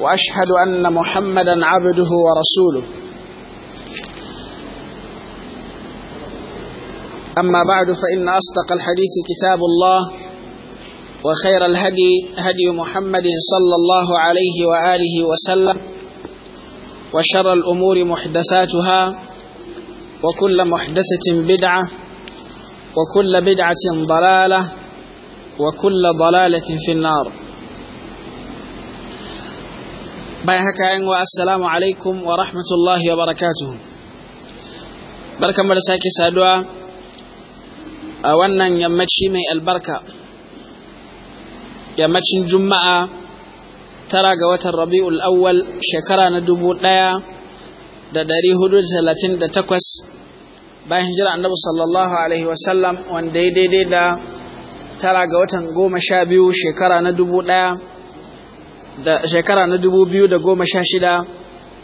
واشهد ان محمدا عبده ورسوله اما بعد فان اصدق الحديث كتاب الله وخير الهدي هدي محمد صلى الله عليه واله وسلم وشر الامور محدثاتها وكل محدثه بدعه وكل بدعه ضلاله وكل ضلاله في النار bayan haka yan wa assalamu alaikum wa rahmatullahi wa barakatuhu barkanmu da sake saduwa a wannan yammaci mai albarka yammacin juma'a tara ga watan rabi'ul awwal shekara na dubu ɗaya da dari hudu da talatin da takwas bayan hijira annabi sallallahu alaihi wasallam wanda ya daidai da tara ga watan goma sha biyu shekara na dubu ɗaya da shekara na dubu biyu da goma sha shida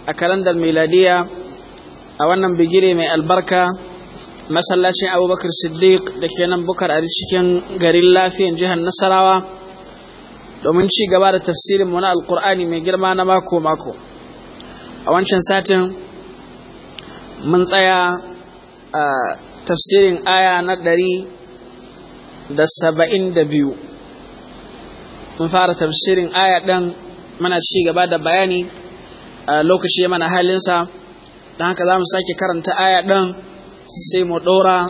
a kalandar miladiya a wannan bigire mai albarka masallacin abubakar siddiq da ke nan bukar a cikin garin lafiyan jihar nasarawa domin ci gaba da tafsirin mu na alkur'ani mai girma na mako-mako a wancan satin mun tsaya a tafsirin aya na ɗari da saba'in da biyu mun fara tafsirin aya ɗan mana ci gaba da bayani lokaci ya mana halinsa don haka za mu sake karanta aya ɗin sai mu ɗora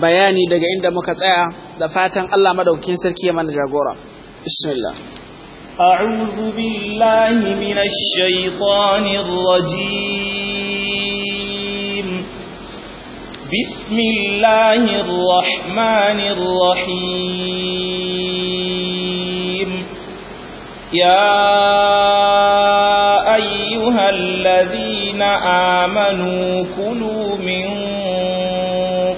bayani daga inda muka tsaya da fatan Allah madaukin sarki ya mana jagora bismillah أعوذ بالله من الشيطان الرجيم بسم الله الرحمن يا أيها الذين آمنوا كلوا من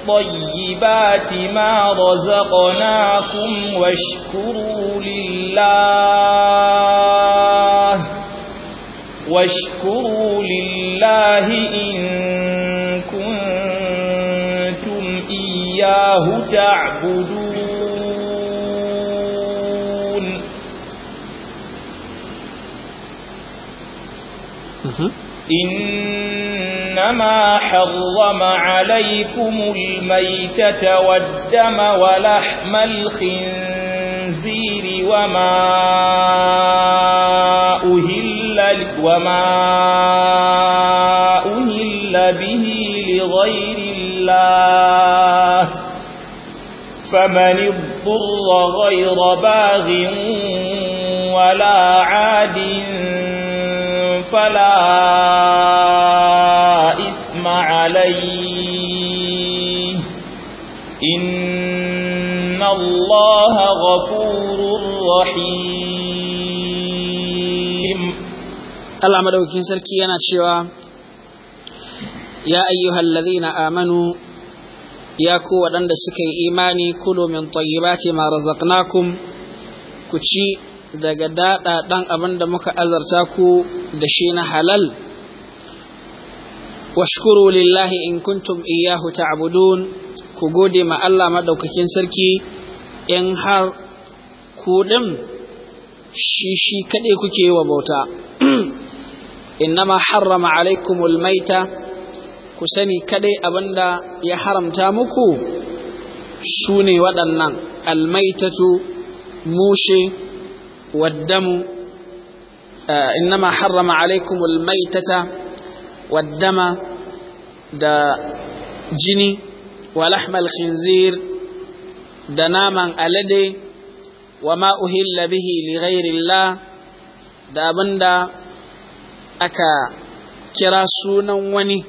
طيبات ما رزقناكم واشكروا لله واشكروا لله إن كنتم إياه تعبدون إنما حرم عليكم الميتة والدم ولحم الخنزير وما أهل, وما أهل به لغير الله فمن اضطر غير باغ ولا عاد فلا إثم عليه إن الله غفور رحيم الله مدوكين سركي أنا شوى يا أيها الذين آمنوا ya ku waɗanda suka yi imani kulu min tayyibati ma razaqnakum ku ci daga daɗa ɗan abin da muka azarta ku da shi na halal washkuru lillahi in kuntum iyahu ta'budun ku gode ma Allah madaukakin sarki in har ku din shi shi kaɗai kuke wa bauta innama harrama alaikumul maita ku sani kaɗai abinda ya haramta muku sune ne waɗannan almaitatu mushi. والدم إنما حرم عليكم الميتة والدم دا جني ولحم الخنزير دا ناما ألدي وما أهل به لغير الله دا بندا أكا كرا سونا وني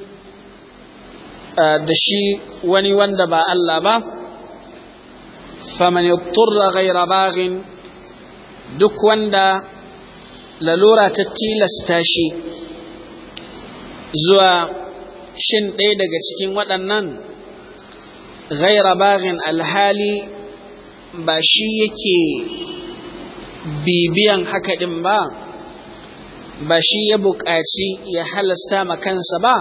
da shi wani wanda ba Allah ba, faman yutturra ghaira baghin duk wanda lalura ta tilasta shi zuwa shin ɗaya daga cikin waɗannan ghaira bagin alhali ba shi yake bibiyan haka ɗin ba ba shi ya buƙaci ya halasta ma kansa ba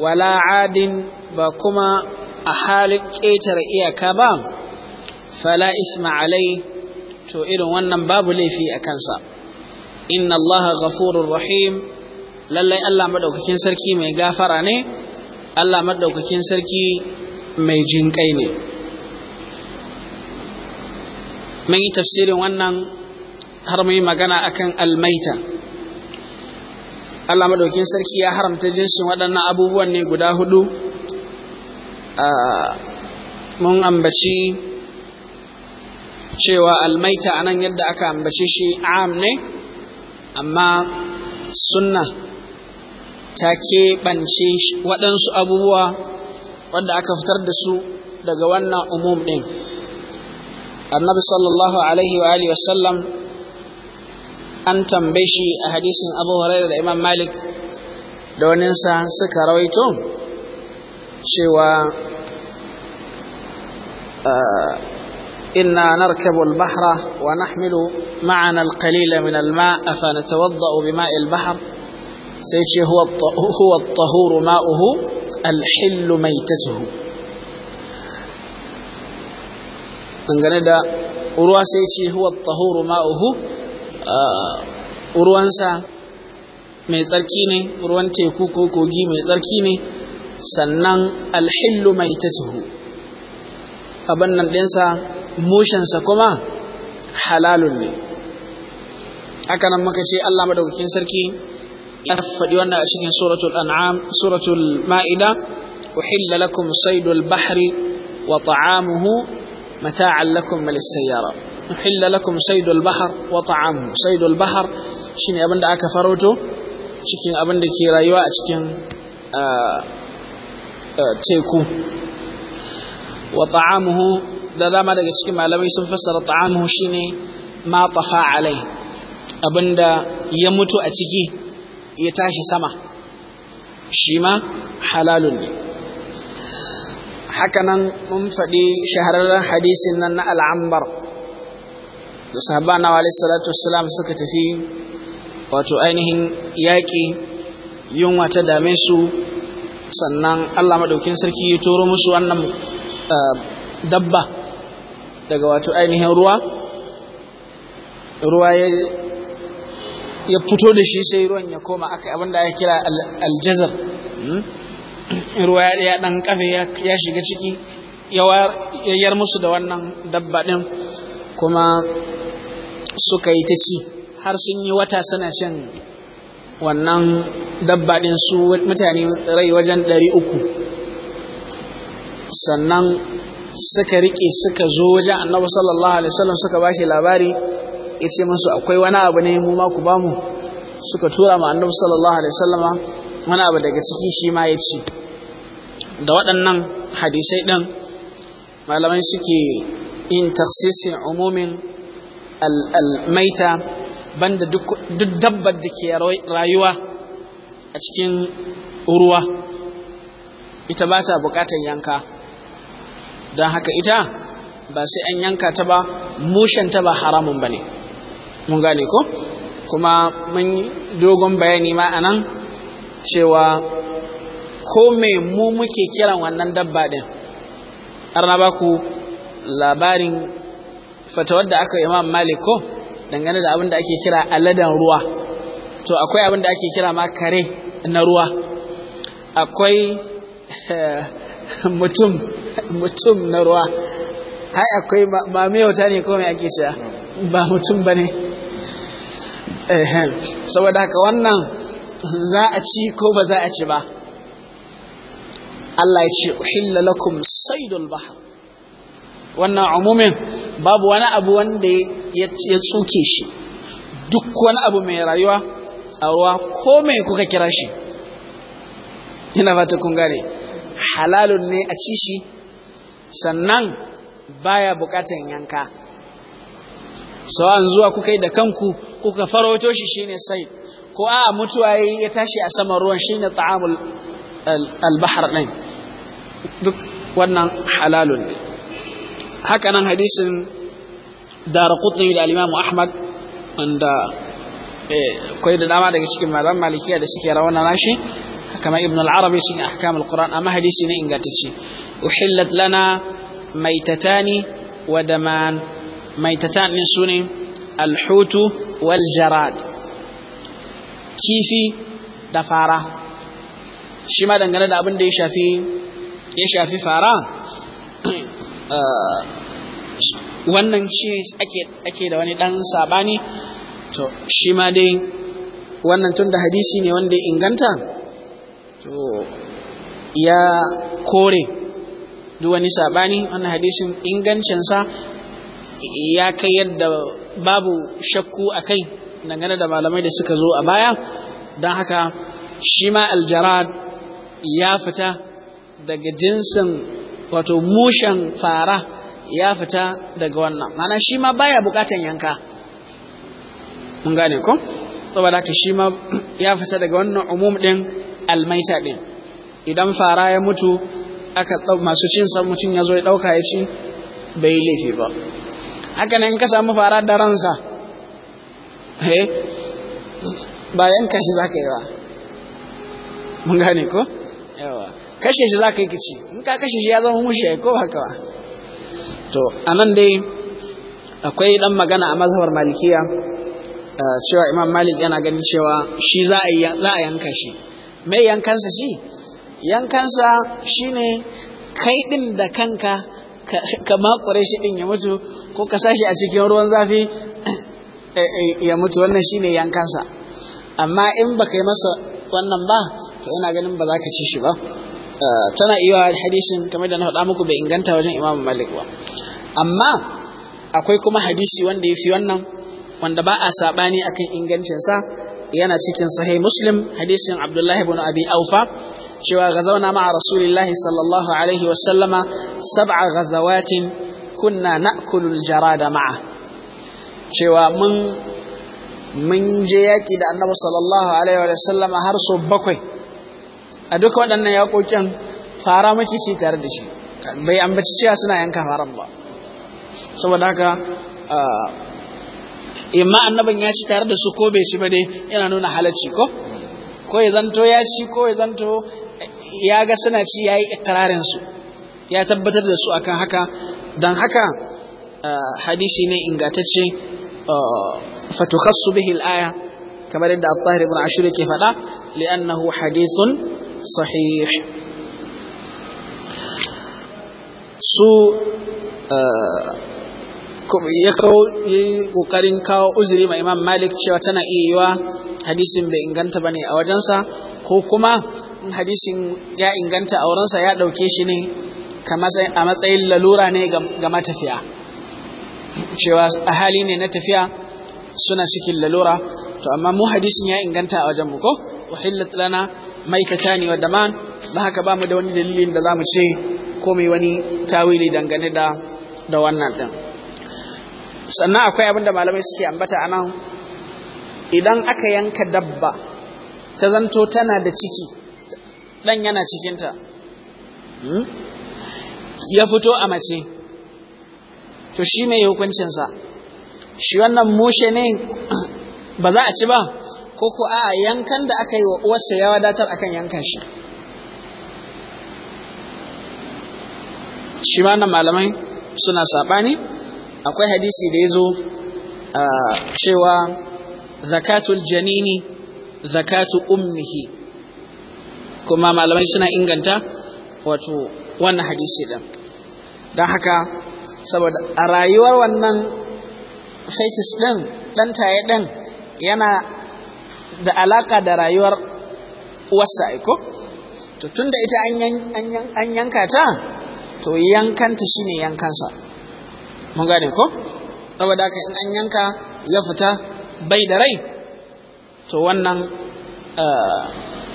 wala adin ba kuma a halin ƙetare iyaka ba fala isma alai to irin wannan babu laifi a kansa inna allaha ghafurur rahim lallai Allah madaukakin sarki mai gafara ne Allah madaukakin sarki mai jinƙai ne mun yi tafsirin wannan har mu magana akan almaita Allah madaukakin sarki ya haramta jinsin waɗannan abubuwan ne guda hudu ah, mun ambaci cewa almaita a nan yadda aka ambace shi am ne amma sunna ta keɓance waɗansu abubuwa wadda aka fitar da su daga wannan umum ɗin annabi sallallahu alaihi wa alihi wasallam an tambaye shi a hadisin abu hurairah da imam malik da waninsa suka rawaito cewa uh, إنا نركب البحر ونحمل معنا القليل من الماء فنتوضأ بماء البحر سيشي هو هو الطهور ماؤه الحل ميتته dangane da ruwa sai ce huwa tahuru ma'uhu ruwansa mai tsarki ne ruwan teku ko kogi mai tsarki ne sannan alhillu mai tatuhu abin nan ɗinsa mushensa kuma halalun ne aka nan muka ce Allah madaukakin sarki ya faɗi wannan a cikin suratul an'am suratul ma'ida uhilla lakum saydul bahri wa ta'amuhu mata'an lakum lis-sayyara uhilla lakum saydul bahr wa ta'amuhu saydul bahr shine abin da aka faroto cikin abin da ke rayuwa a cikin teku wa ta'amuhu da dama daga cikin malamai sun fassara ta'amu shine ma tafa alai abinda ya mutu a ciki ya tashi sama shi ma halalun ne hakanan mun faɗi shahararren hadisin nan na al'ambar da sahaba na wa salatu wasalam suka tafi wato ainihin yaƙi yunwa ta dame su sannan Allah maɗaukin sarki ya turo musu wannan eh, dabba daga wato ainihin ruwa ruwa ya fito da shi sai ruwan ya koma aka abinda ya kira aljazar hmm? ruwa ya dan kafe ya shiga ciki ya yar musu da wannan dabba din kuma suka yi ta ci har sun yi wata suna shan wannan dabba din su mutane rai wajen ɗari uku sannan suka riƙe suka zo wajen annabi sallallahu alaihi wasallam suka bashi labari ya ce musu akwai wani abu ne mu ma ku bamu suka tura ma annabi sallallahu alaihi wasallam wani abu daga ciki shi ma ya ci da waɗannan hadisai ɗin malamai suke yin taksisin umumin almaita banda duk dabbar da ke rayuwa a cikin ruwa ita ba ta bukatar yanka don haka ita ba sai an yanka ta ba ta ba haramun ba ne mun gane ko kuma mun dogon bayani ma a nan cewa ko me mu muke kiran wannan dabba ɗin na ba ku labarin fatawar da aka yi ma malik ko dangane da abin da ake kira aladan ruwa to akwai abin da ake kira ma kare na ruwa akwai eh, mutum mutum na ruwa hai akwai ba mai wata ne ko ake cewa ba mutum ba ne saboda haka wannan za a ci ko ba za a ci ba Allah ya ce uhilla lakum saydul bahr wannan umumin babu wani abu wanda ya tsuke shi duk wani abu mai rayuwa a ruwa ko mai kuka kira shi ina fata kun gane halalun ne a ci shi sannan baya bukatan yanka sawan zuwa kuka yi da kanku kuka farauto shi shine sai ko a mutuwa yayi ya tashi a saman ruwan shine ta'amul al-bahr din duk wannan halalun ne haka nan hadisin darqutni da al-Imam Ahmad wanda eh, akwai da dama daga cikin malaman malikiya da suke rawana nashi kamar ibn al-arabi cikin ahkam al-quran amma hadisi ne ingantacce uhillat lana maitatani wa daman maitatan din sune al-hutu wal jarad kifi da fara shi ma dangane ya shafi fara wannan shi ake ake da wani dan sabani to shi ma dai wannan tun da hadisi ne wanda inganta to ya kore duk wani sabani wannan hadisin ingancinsa ya kai yadda babu shakku a kai dangane da malamai da suka zo a baya don haka shi ma aljarad ya fita daga jinsin wato mushen fara ya fita daga wannan mana shi ma baya bukatan yanka mun gane ko saboda haka shi ma ya fita daga wannan umum din almaita ɗin idan fara ya mutu aka masu cin san mutum ya zo ya ɗauka ya ci bai laifi ba haka nan ka samu fara da ransa eh, ba yanka shi za ka yi ba mun gane ko yawa kashe shi za ka yi kici in ka kashe shi ya zama mushe ko haka ba to a nan dai akwai dan magana a mazhabar malikiya eh, cewa imam malik yana ganin cewa shi za a yanka shi mai yankansa shi yankansa shi ne kai ɗin da kanka ka makware shi din ya mutu ko ka sashi a cikin ruwan zafi eh, eh, ya mutu wannan shi ne yankansa amma in baka yi masa wannan ba to ina ganin ba za ka ci shi ba eh, tana iya hadisin kamar da na faɗa muku bai inganta wajen imamu malik ba amma akwai kuma hadisi wanda ya fi wannan wanda ba a saɓani akan ingancinsa yana cikin sahih muslim hadisin abdullahi ibn abi aufa cewa ga gazauna ma'a rasulillahi sallallahu alaihi wasallama sab'a gazawatin kunna na'kulul jarada ma'a cewa mun mun je yaki da annabi sallallahu alaihi wa sallama har so bakwai a duka waɗannan yaƙoƙin fara muke ci tare da shi bai ambaci cewa suna yanka faran ba saboda haka ah, imma annabin ya ci tare da su ko bai ci ba dai yana nuna halacci ko ko ya zanto ya ci ko ya zanto ya ga suna ci ya yi ikirarin su ya tabbatar da su akan haka Dan haka hadisi ne ingantacce fatukhassu bihi al-aya kamar yadda Al-Tahir ibn Ashur yake faɗa li'annahu hadithun sahih su ya kawo kokarin kawo uzuri ma imam malik cewa tana iya yiwa hadisin bai inganta bane a wajensa ko kuma hadisin ya inganta a wurinsa ya ɗauke shi ne a matsayin lalura ne ga matafiya cewa a hali ne na tafiya suna cikin lalura to amma mu hadisin ya inganta a wajen mu ko uhillat lana ne wa ma ba haka ba mu da wani dalilin da za mu ce ko mai wani tawili dangane da wannan din sannan akwai abinda malamai suke ambata a nan idan aka yanka dabba ta zanto tana da ciki ɗan yana cikinta hmm, ya fito a mace to shi mai hukuncinsa shi wannan mushe ne ba za a ci ba ko ko a yankan da aka yi wa uwarsa ya wadatar akan yanka shi shi ma malamai suna saɓani akwai hadisi da ya zo cewa zakatul janini zakatu ummihi kuma malamai suna inganta wato wannan hadisi din don haka saboda a rayuwar wannan fetus din ɗan taye din yana da alaka da rayuwar uwarsa aiko to tunda ita an yanka ta to yankanta shine yankansa mun gane ko saboda haka in an yanka ya fita bai da rai to wannan eh,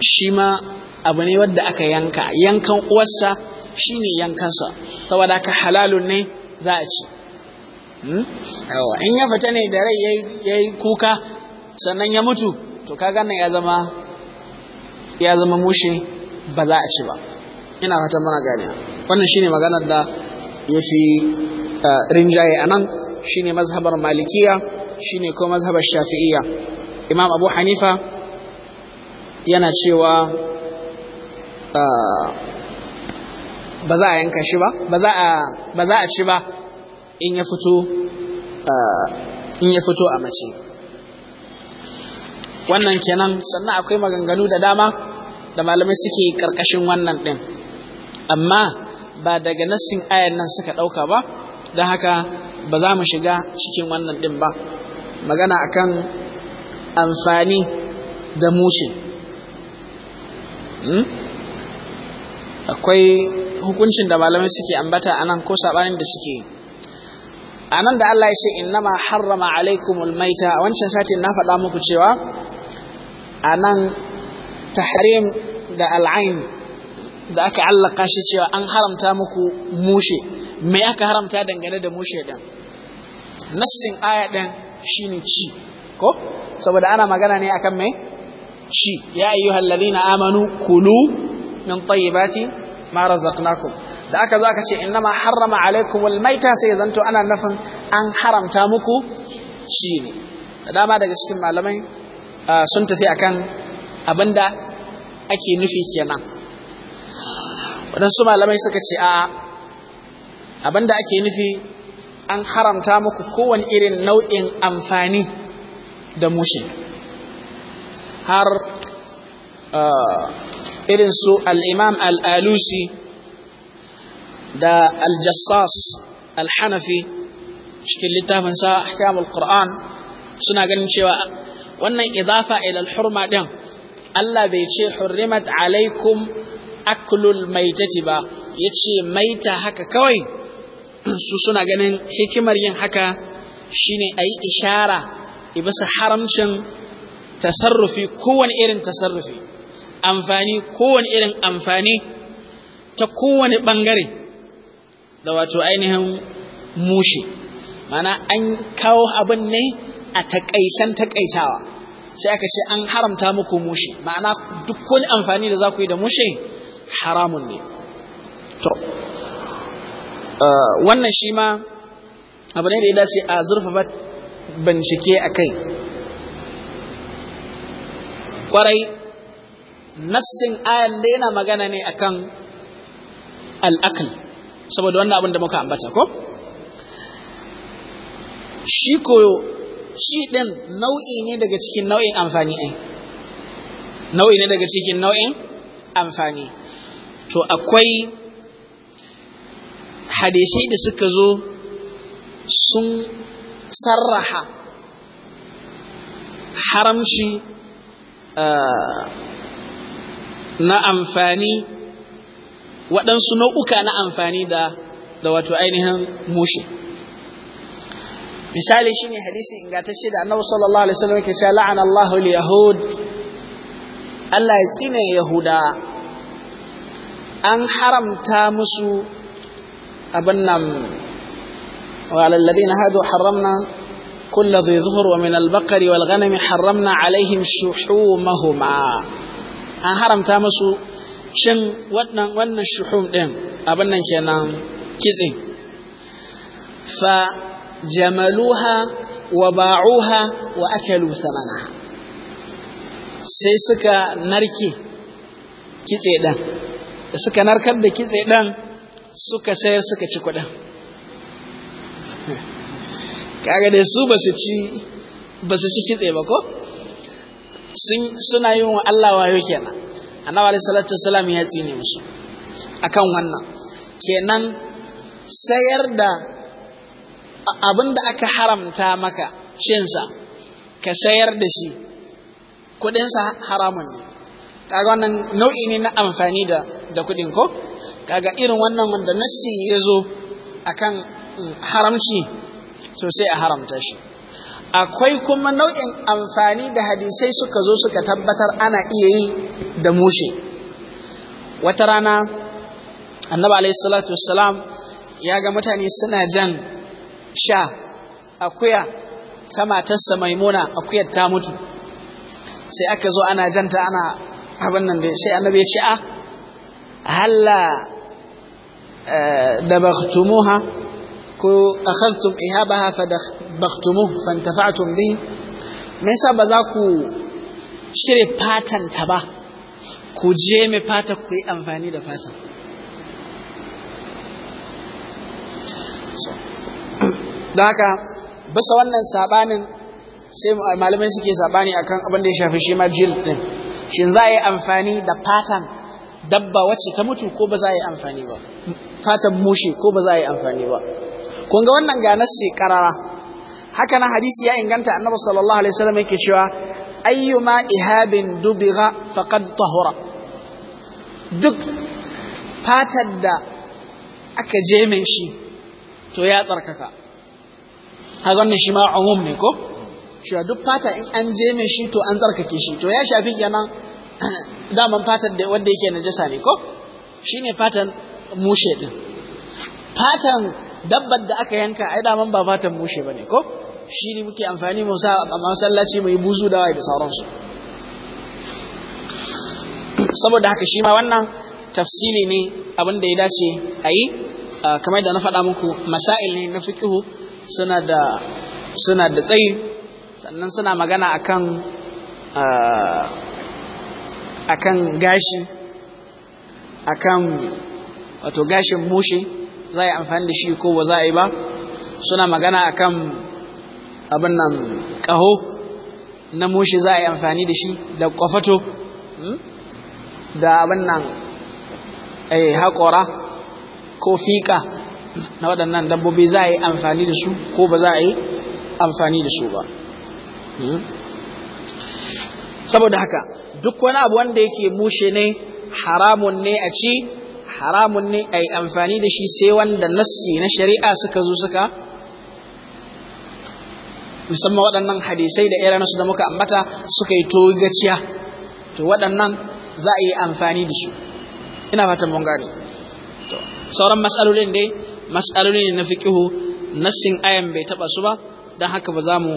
shi ma abu ne wadda aka yanka yankan uwarsa shi ne yankansa saboda haka halalun ne za a ci hmm? in ya fita ne da rai ya yi kuka sannan ya mutu to ka gane ya zama ya zama mushe ba za a ci ba ina fatan mana gane wannan shi ne maganar da ya fi rinjaye a nan shine mazhabar malikiya shine ko mazhabar shafi'iya imam abu hanifa yana cewa ba za a yanka shi ba ba za a ci ba in ya fito a mace wannan kenan sannan akwai maganganu da dama da malamai suke karkashin wannan din amma ba daga nassin ayan nan suka ɗauka ba don haka ba za mu shiga cikin wannan ɗin ba magana akan amfani da mushin hmm? akwai hukuncin da malamai suke ambata anan ko sabanin da suke anan da Allah ya ce innama harrama alaikumul maita a wancan sati na faɗa muku cewa anan tahrim da al'ain da aka allaka shi cewa an haramta muku mushe me aka haramta dangane da mu shaidan nassin aya din shine ci ko saboda ana magana ne akan mai ci ya ayyuhal ladina amanu kulu min tayyibati ma razaqnakum da aka zo aka ce innama harrama alaikum almaita sai zanto ana nafin an haramta muku ci ne da dama daga cikin malamai sun tafi akan abinda ake nufi kenan waɗansu malamai suka ce a abinda ake nufi an haramta muku kowane irin nau'in amfani da mushi har uh, irin su al'imam al'alusi da aljassas alhanafi cikin littafinsa ahkamul Qur'an suna ganin cewa wannan idafa ilal hurma ɗin Allah bai ce hurrimat alaikum aklul maitati ba ya ce maita haka kawai su suna ganin hikimar yin haka shine a yi ishara ibisa haramcin tasarrufi kowane irin tasarrufi amfani kowane irin amfani ta kowane ɓangare da wato ainihin mushi mana an kawo abin ne a takaisan takaitawa, sai aka ce an haramta muku mushi ma'ana duk wani amfani da za ku yi da mushi haramun ne Eh, wannan shi ma abu ne da ya dace a zurfafa bincike a kai kwarai nassin ayan da yana magana ne akan al'akal saboda wannan abin da muka ambata ko shi ko shi ɗin nau'i ne daga cikin nau'in amfani ɗin nau'i ne daga cikin nau'in amfani to akwai hadisai da suka zo sun sarraha haramshi eh, na amfani waɗansu nau'uka na amfani da da wato ainihin mushe misali shine hadisi ingantacce da annabi sallallahu alaihi wasallam ke cewa la'ana Allahu al-yahud Allah ya tsine yahuda an haramta musu abin nan walalladina hadu haramna kulla zai zuhur wa minal bakari wal ganami haramna alaihim shuhumahuma an haramta masu shan wannan shuhum ɗin abin nan kenan kitsin fa jamaluha wa ba'uha wa akalu samana sai suka narke kitse ɗin suka narkar da kitse ɗin suka sayar suka ci kuɗin kaga dai su ba su ci kitse ba ko suna yin wa Allah wayo kenan annabi alaihi salatu ya tsine musu akan wannan kenan sayar da abin da aka haramta maka shinsa ka sayar da shi kuɗinsa haramun ne kaga wannan nau'i ne na amfani da da kuɗin ko kaga irin wannan wanda nassi ya zo a kan mm, haramci to sai a haramta shi akwai kuma nau'in amfani da hadisai suka zo suka tabbatar ana iya yi da mushe wata rana annaba alaihi salatu wassalam ya ga mutane suna jan sha akuya ta matarsa maimuna akuyar ta mutu sai aka zo ana janta ana abin nan sai annabi ya ce a ah, هل دبغتموها أخذتم إهابها فدبغتموه فانتفعتم به ميسا بذاكو شري باتن تبا كو جيمي mai كو ku yi amfani da بس wannan sabanin sai malamai suke sabani akan abin da ya shafi shi majil din shin za a yi amfani da pattern dabba wacce ta mutu ko ba za a yi amfani ba fatan mushe ko ba za a yi amfani ba kun ga wannan ga nassi karara haka na hadisi ya inganta annabi sallallahu alaihi wasallam yake cewa ayyuma ihabin dubigha faqad tahura duk fatar da aka je min shi to ya tsarkaka haka wannan shi ma umum ne ko cewa duk fata in an je min shi to an tsarkake shi to ya shafi kenan daman fatan da wanda yake najasa ne ko shine fatan mushe din fatan dabbar da aka yanka ai daman ba fatan mushe bane ko shi ne muke amfani mu sa a masallaci mu buzu da wai da sauransu saboda haka shi ma wannan tafsili ne abin da ya dace a kamar da na faɗa muku masail ne na fiƙihu suna da suna da tsayi sannan suna magana akan akan gashi akan wato gashin mushi za yi amfani da shi ko ba za a yi ba suna magana akan abin nan ƙaho na mushi za a yi amfani da shi da kwafato hmm, da abin nan eh, haƙora ko fiƙa na waɗannan dabbobi za a yi amfani da su ko ba za a yi amfani da su ba hmm. saboda haka duk wani abu wanda yake mushe ne haramun ne a ci haramun ne a yi amfani da shi sai wanda nassi na shari'a suka zo suka musamman waɗannan hadisai da su da muka ambata suka yi togaciya to waɗannan za a yi amfani da su ina fatan mun gane to sauran matsalolin dai matsalolin na fiqihu nassin ayan bai taba su ba dan haka ba za mu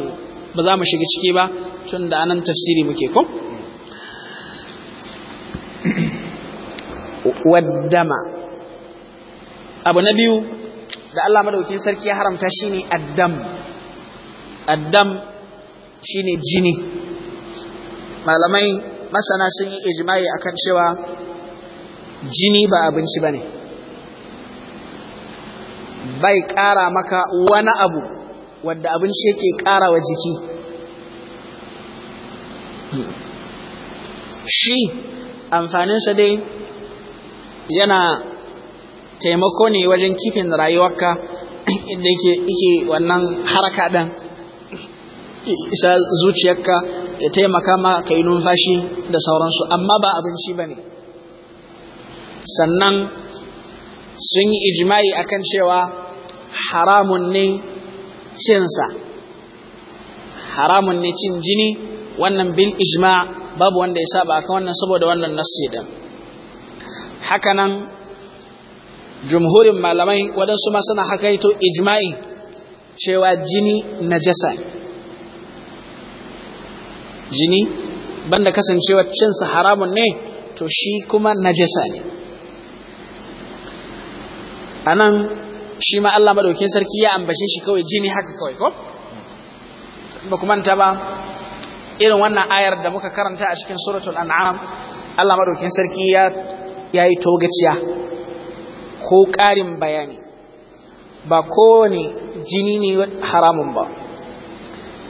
ba za mu shiga ciki ba tun da anan tafsiri muke ko waddama abu na biyu da Allah madaukin sarki ya haramta shine addam addam shine jini malamai masana sun yi ijma'i akan cewa jini ba abinci bane bai ƙara maka wani abu wadda abinci yake ƙara wa jiki shi amfaninsa dai yana taimako ne wajen kifin rayuwarka inda yake wannan haraka ɗan isa zuciyarka ya taimaka ma ka yi numfashi da sauransu amma ba abinci ba ne sannan sun yi ijimai akan cewa haramun ne cinsa haramun ne cin jini wannan bil ijma babu wanda ya saba akan wannan saboda wannan nassi din nan jumhurin malamai wadansu ma suna haka hakaito ijma'i cewa jini najasa ne jini banda kasancewa cinsa haramun ne to shi kuma najasa ne anan shi ma Allah madaukin sarki ya ambace shi kawai jini haka kawai ko ba ku manta ba irin wannan ayar da muka karanta a cikin suratul an'am Allah madaukin sarki ya yayi togaciya ko karin bayani ba kowane jini ne haramun ba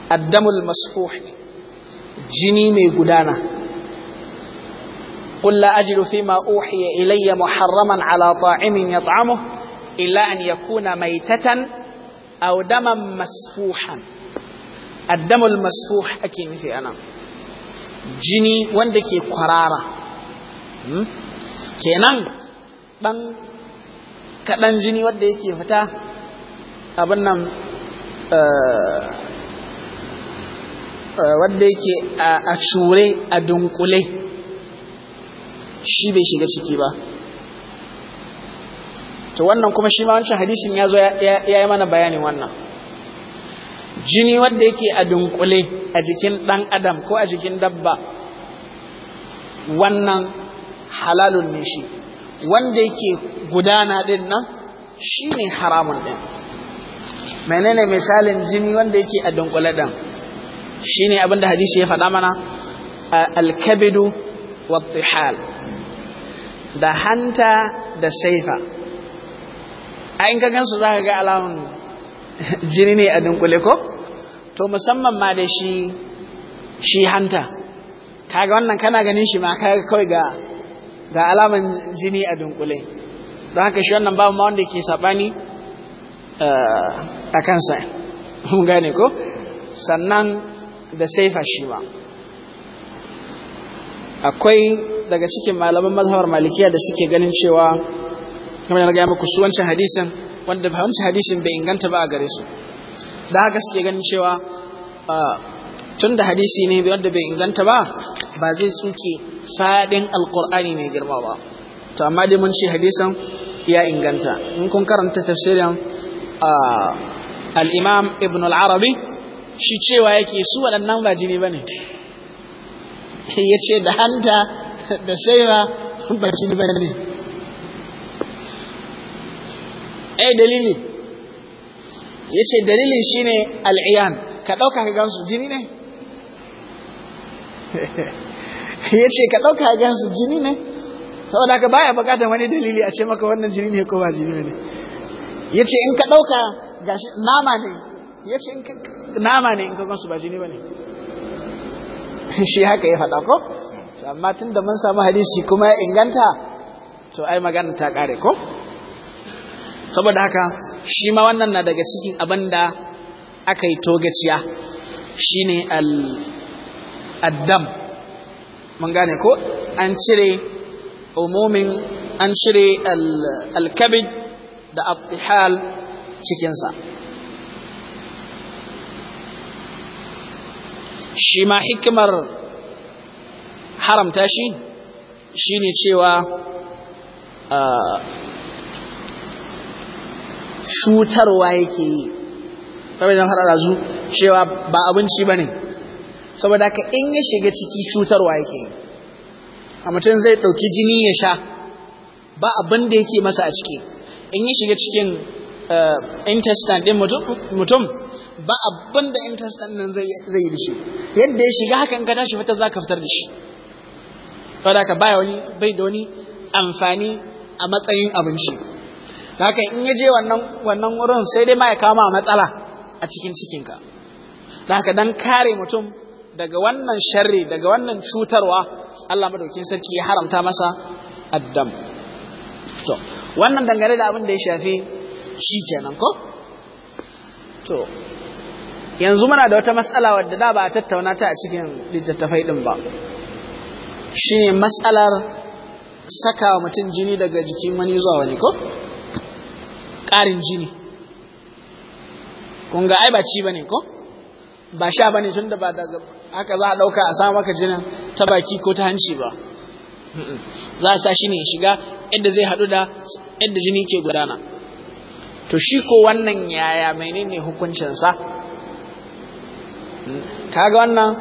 addamul masfuh jini mai gudana قل لا أجد فيما أوحي إلي محرما على طاعم يطعمه illa an yakuna maitatan aw daman masfuhan addamul masfuh ake nufi anan jini wanda ke kwarara kenan dan kaɗan jini wanda yake fita abin nan wanda yake a cure a dunkule shi bai shiga ciki ba to wannan kuma shi ma wancan hadisin ya zo ya yi mana bayanin wannan jini wanda yake a dunkule a jikin ɗan adam ko a jikin dabba wannan halalun ne shi wanda yake gudana ɗin nan shi ne haramun ɗin menene misalin jini wanda yake a dunkule ɗin shi ne abinda hadisi ya faɗa mana alkabidu wa da hanta da saifa a in ka gansu za ka ga alamun jini ne a dunkule ko to musamman ma da shi hanta kaga wannan kana ganin shi ma kaga kawai ga ga alaman jini a dunkule don haka shi wannan babu ma wanda ke sabani eh, a kansa mun gane ko sannan da saifa shi ma akwai daga cikin malaman mazhabar malikiya da suke ganin cewa kamar yana gaya muku su wancan hadisin wanda ba wancan hadisin bai inganta ba a gare su da haka suke ganin cewa tun da hadisi ne wanda bai inganta ba ba zai tsuke fadin alkur'ani mai girma ba to amma dai mun ce hadisin ya inganta in kun karanta tafsirin al-imam ibn al-arabi shi cewa yake su waɗannan ba jini ba ne ya ce da hanta da saiwa ba jini ba ne ai eh, dalili yace dalilin shine al'iyan ka dauka ka gansu jini ne yace ka dauka ka gansu jini ne saboda ka baya bukatar wani dalili a ce maka wannan jini ne ko ba jini ne yace in ka dauka gashi nama ne yace in nama ne in ka gansu ba jini bane shi haka ya faɗa ko amma tunda mun samu hadisi kuma ya inganta to ai magana ta kare ko saboda haka shi ma wannan na daga cikin abin da aka yi togaciya shi ne al'addam mun gane ko an cire umumin an cire alkabid da abdihal cikinsa shi ma hikimar haramta shi shi ne cewa ah, cutarwa yake yi saboda har faɗa zu cewa ba abinci ba ne saboda ka in ya shiga ciki cutarwa yake yi a mutum zai ɗauki jini ya sha ba abin da yake masa a ciki in ya shiga cikin eh, intestine ɗin mutum ba abin da intestine ɗin zai yi da shi yadda ya shiga hakan ka tashi fitar za ka fitar da shi saboda ka baya wani bai da wani amfani a matsayin abinci haka in ya je wannan wannan wurin sai dai ma ya kama matsala a cikin cikinka da haka dan kare mutum daga wannan sharri daga wannan cutarwa Allah madaukin sarki ya haramta masa addam to wannan dangane da abin da ya shafi shi kenan ko to yanzu muna da wata matsala wadda da ba a tattauna ta a cikin littattafai din ba shine matsalar saka mutum jini daga jikin wani zuwa wani ko ƙarin jini kun ga ai ba ci bane ko ba sha bane tun da ba daga haka za a ɗauka a samu maka jinin ta baki ko ta hanci ba za a sa shi ne shiga yadda zai haɗu da yadda jini ke gudana to shi ko wannan yaya menene hukuncinsa mm. kaga wannan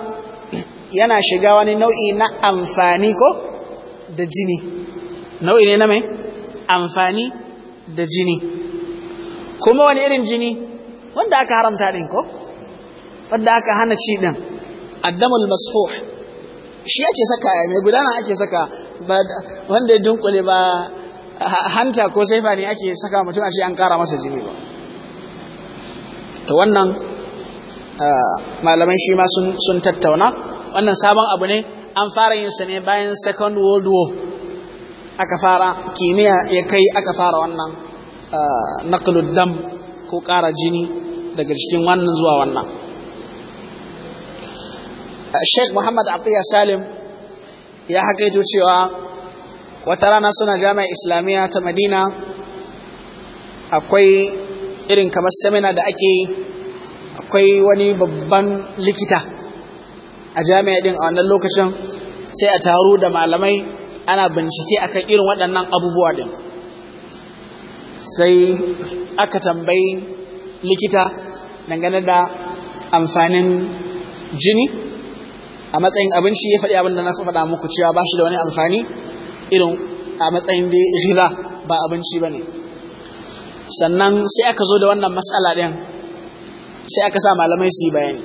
yana shiga wani nau'i na amfani ko da jini nau'i ne na mai amfani da jini kuma wani irin jini wanda aka haramta din ko wanda aka hana ci din addamul masfuh shi ake saka mai gudana ake saka wanda ya dunkule ba hanta ko saifa ne ake saka mutum a shi an kara masa jini ba to wannan malamai shi ma sun tattauna wannan sabon abu ne an fara yin sa ne bayan second world war aka fara kimiyya ya kai aka fara wannan naqlud dam ko ƙara jini daga cikin wannan zuwa wannan Sheikh Muhammad Atiya Salim ya hakaito cewa wata rana suna jami'a islamiyya ta Madina akwai irin kamar semina da ake akwai wani babban likita a jami'a din a wannan lokacin sai a taro da malamai ana bincike akan irin waɗannan abubuwa din sai aka tambayi likita dangane da amfanin jini a matsayin abinci ya faɗi abin da na faɗa muku cewa ba shi da wani amfani irin a matsayin da ba abinci ba ne sannan sai aka zo da wannan matsala ɗin sai aka sa malamai su yi bayani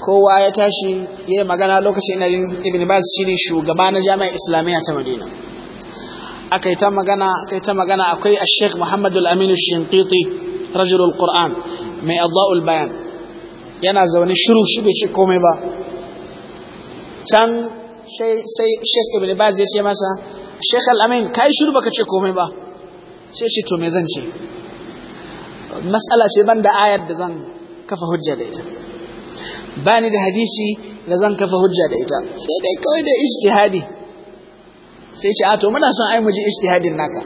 kowa ya tashi ya yi magana lokacin ibn baz ne shugaba na jami'ar islamiyya ta madina aka yi ta magana aka ta magana akwai al-sheikh muhammadu al-aminu shinkiti rajulul qur'an mai adda'ul bayan yana zaune shiru shi bai ce komai ba can sai sheikh ibn baz ya ce masa sheikh al-amin kai shiru baka ce komai ba sai shi to me zan ce mas'ala ce ban da ayar da zan kafa hujja da ita bani da hadisi da zan kafa hujja da ita sai dai kawai da ijtihadi sai ce a to muna son ai mu istihadin naka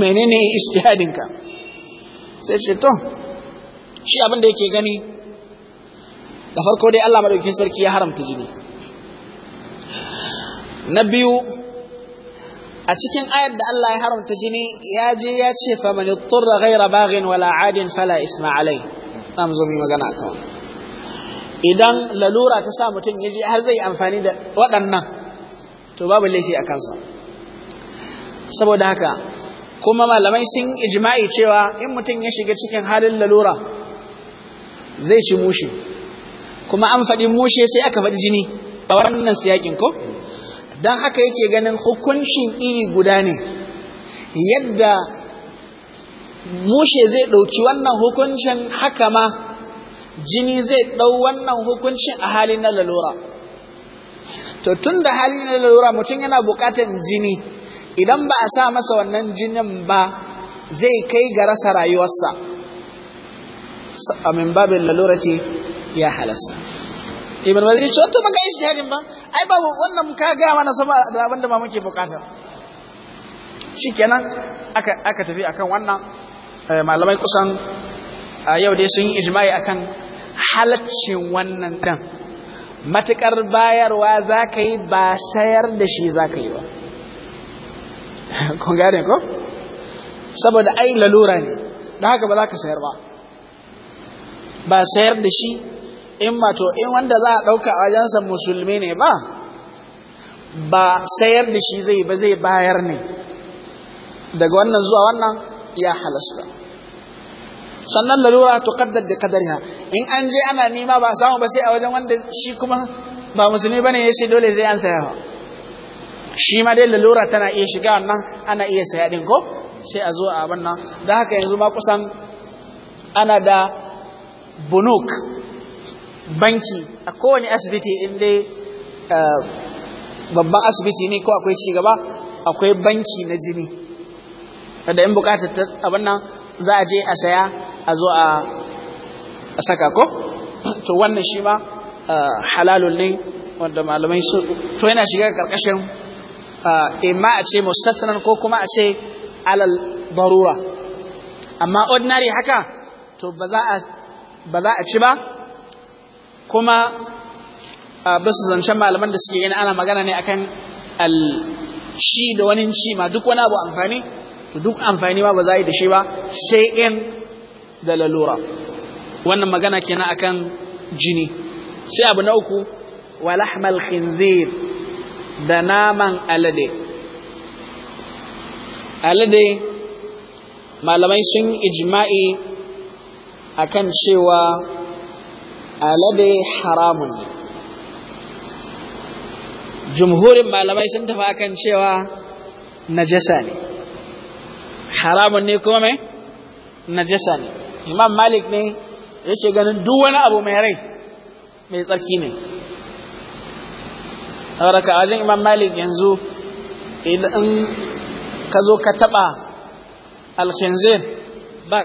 menene istihadin ka sai ce to shi abin da yake gani da farko dai Allah madaukakin sarki ya haramta jini na biyu a cikin ayar da Allah ya haramta jini ya je ya ce fa man yuttarra ghayra baghin wala adin fala isma alai zamu zo mi magana akan idan lalura ta sa mutum ya je har zai amfani da waɗannan to babu laifi a kansa saboda haka kuma malamai sun ijma'i cewa in mutum ya shiga cikin halin lalura zai shi mushi kuma an faɗi mushe sai aka faɗi jini a wannan siyakin ko don haka yake ganin hukuncin iri guda ne yadda mushe zai ɗauki wannan hukuncin haka ma jini zai ɗau wannan hukuncin a halin na lalura to tun da hali na lalura mutum yana buƙatan jini idan ba a sa masa wannan jinin ba zai kai ga rasa rayuwarsa A min babin lura ce ya halasta ibn wazir ce to maka yi shahadin ba ai ba wannan ka ga mana sama da abinda ma muke bukata shikenan aka aka tafi akan wannan eh, malamai kusan yau dai sun yi ijma'i akan halaccin wannan dan matukar bayarwa za ka yi ba sayar da shi za ka yi ba kun gane ko saboda ai lalura ne don haka ba za ka sayar ba ba sayar da shi in mato in wanda za a ɗauka a wajensa musulmi ne ba ba sayar da shi zai ba zai bayar ne daga wannan zuwa wannan ya halasta sannan lalura da bi ha in an je ana nima ba samu ba sai a wajen wanda shi kuma ba musulmi ya ce dole zai an saya ba shi ma dai lalura tana iya shiga wannan ana iya saya din ko sai a zo a wannan da haka yanzu ma kusan ana da bunuk banki a kowane asibiti in dai eh, babban asibiti ne ko akwai cigaba akwai banki na jini da in bukatar abin nan za a je a saya a zo a saka ko to wannan shi ma halalun ne wanda malamai su to yana shiga karkashin imma a ce mustasnan ko kuma a ce alal darura amma ordinary haka to ba za a ba za a ci ba kuma basu zancen malaman da suke yin ana magana ne akan al shi da wani ci ma duk wani abu amfani to duk amfani ma ba za a yi da shi ba sai in da lalura wannan magana kenan akan jini sai abu na uku walahmal khinzir da naman alade alade malamai sun ijma'i akan cewa alade haramun jumhurin malamai sun tafi akan cewa najasa ne haramun ne kuma mai najasa ne imam malik ne yake ganin duk wani abu mai rai mai tsarki ne saboda wajen imam malik yanzu idan ka zo ka taɓa alkhinzir ba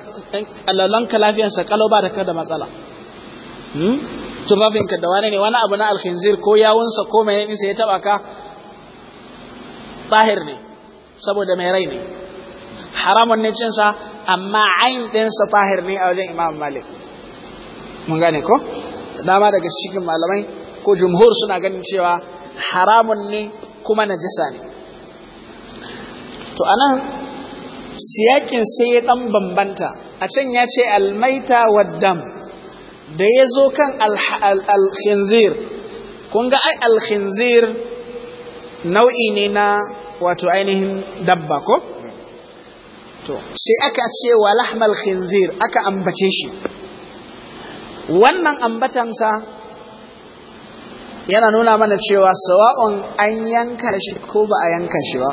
alalanka lafiyarsa kalau ba da ka da matsala hmm? tufafinka da wani ne wani abu na alkhinzir ko yawunsa ko mai nisa ya taɓa ka bahir ne saboda mai rai ne haramun ne cinsa amma ayin ɗin tahir ne a wajen imam malik mun gane ko dama daga cikin malamai ko jumhur suna ganin cewa haramun ne kuma najasa ne to anan siyakin sai ya dan bambanta a can ya ce almaita waddam da ya zo kan alkhinzir kun ga ai alkhinzir nau'i ne na wato ainihin dabba ko to sai aka ce wa lahmal khinzir aka ambace shi wannan ambatansa yana nuna mana cewa sawa'un an yanka shi ko ba a yanka shi ba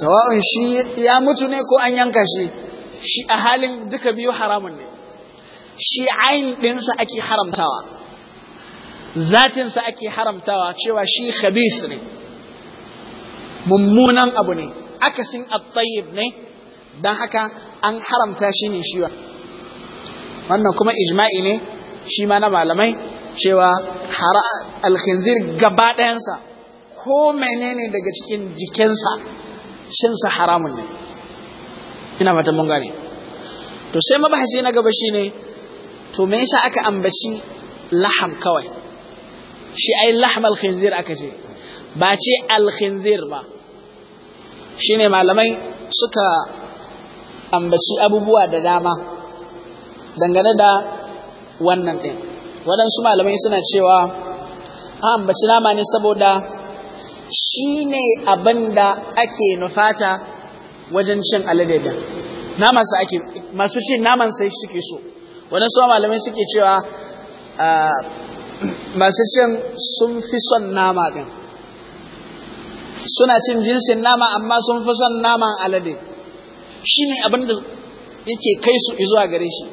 sawa'un shi ya mutu ne ko an yanka shi shi a halin duka biyu haramun ne shi ayin ɗinsa ake haramtawa zatinsa ake haramtawa cewa shi khabis ne mummunan abu ne akasin at-tayyib ne don haka an haramta shi ne shiwa wannan kuma ijma'i ne shi ma na malamai cewa alkhinzir gaba ɗayansa ko menene daga cikin jikinsa shinsa haramun ne ina fatan mun gane to sai mabahasi na gaba ne, to me yasa aka ambaci laham kawai shi ai lahm alkhinzir aka ce ba ce alkhinzir ba shine malamai suka ambaci abubuwa da dama dangane da wannan ɗin waɗansu malamai suna cewa a ambaci nama ne saboda shi ne abin da ake nufata wajen cin alade din namansa ake masu cin naman sai suke so waɗansu malamai suke cewa masu cin sun fi son nama ɗin suna cin jinsin nama amma sun fi son naman alade shi ne abin da yake kai su zuwa gare shi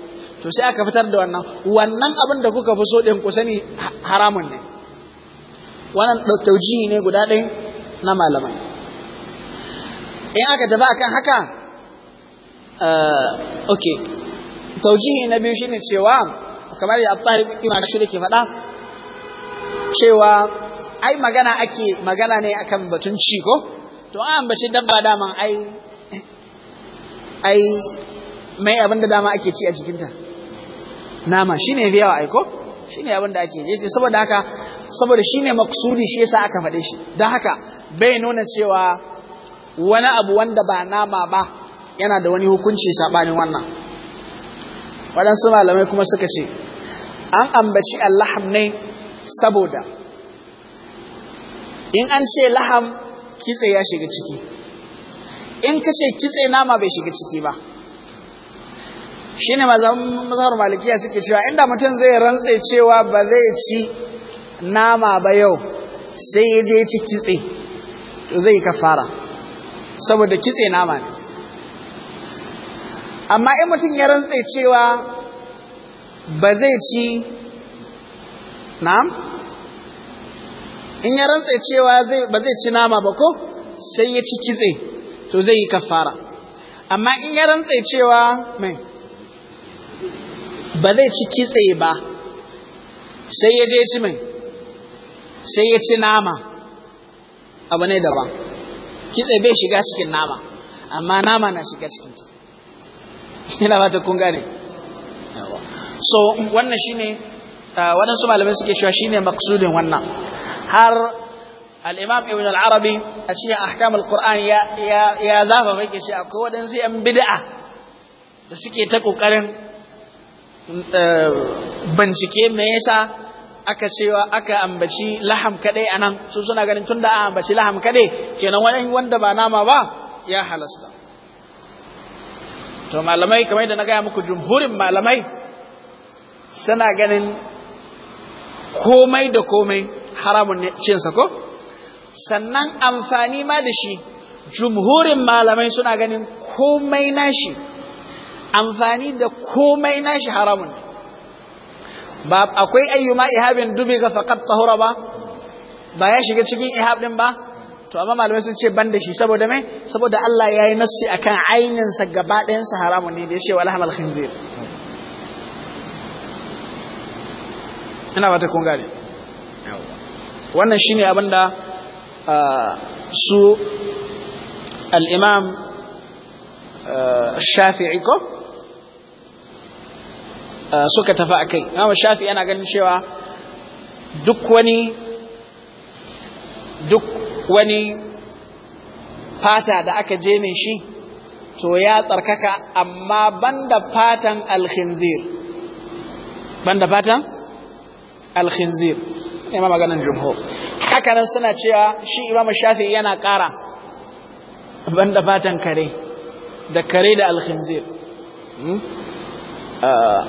to sai aka fitar da wannan wannan abin da kuka fi so ɗin ku sani haramun ne wannan taujihi ne guda ɗin na malamai. in aka tafi akan haka eh, ok taujihi na biyu shine cewa kamar ya tsari imam shi ke faɗa cewa ai magana ake magana ne akan batun ci ko to an ambaci dabba daman ai ai mai abin da dama ake ci a jikinta. nama shi ne biyawa aiko shi ne abin da ake yi. saboda haka saboda shi ne maksudi shi yasa aka faɗe shi don haka bai nuna cewa wani abu wanda ba nama ba yana da wani hukunci sabanin wannan waɗansu malamai kuma suka ce an ambaci allaham ne saboda in an ce laham kitse ya shiga ciki in ka ce kitse nama bai shiga ciki ba shine ne mazhar malikiya suke cewa inda mutum zai rantse cewa ba zai ci nama ba yau sai ya je ci kitse to zai yi kafara saboda kitse nama ne amma in mutum ya rantse cewa ba zai ci nam in ya rantse cewa ba zai ci nama ba ko sai ya ci kitse to zai yi kafara amma in ya rantse cewa mai ba zai ci kitse ba sai ya je ci mai sai ya ci nama abu ne daban kitse bai shiga cikin nama amma nama na shiga cikin kitse Yana ba ta kunga ne? so wannan shine uh, waɗansu malamai suke cewa shine maksudin wannan har al'imam ibn al'arabi a cikin يا Qur'an ya zafa mai shi akwai waɗansu ‘yan bid'a da suke ta kokarin eh, bincike me yasa aka cewa aka ambaci laham kadai a nan su suna ganin tun da aka ambaci laham kadai kenan wani wanda ba nama ba ya halasta to malamai kamar da na gaya muku jumhurin malamai suna ganin komai da komai haramun cinsa ko? sannan amfani ma da shi jumhurin malamai suna ganin komai nashi amfani da komai nashi haramun ba akwai ayyuma ihabin dubi ga faqat tahura ba ba ya shiga cikin ihab din ba to amma malamai sun ce ban da shi saboda me saboda Allah yayi nassi akan ainin sa gaba ɗayan sa haramun ne da yace wala hamal khinzir ina ba ta kun gane wannan shine abinda su al'imam shafi'i ko suka tafi a kai imam shafi yana ganin cewa duk wani duk wani fata da aka je min shi to ya tsarkaka amma banda fatan alhinzir banda fatan alhinzir. ne ma maganin jumhur haka nan suna cewa shi imam shafi yana ƙara banda fatan kare da kare da alkhinzir hmm? ah,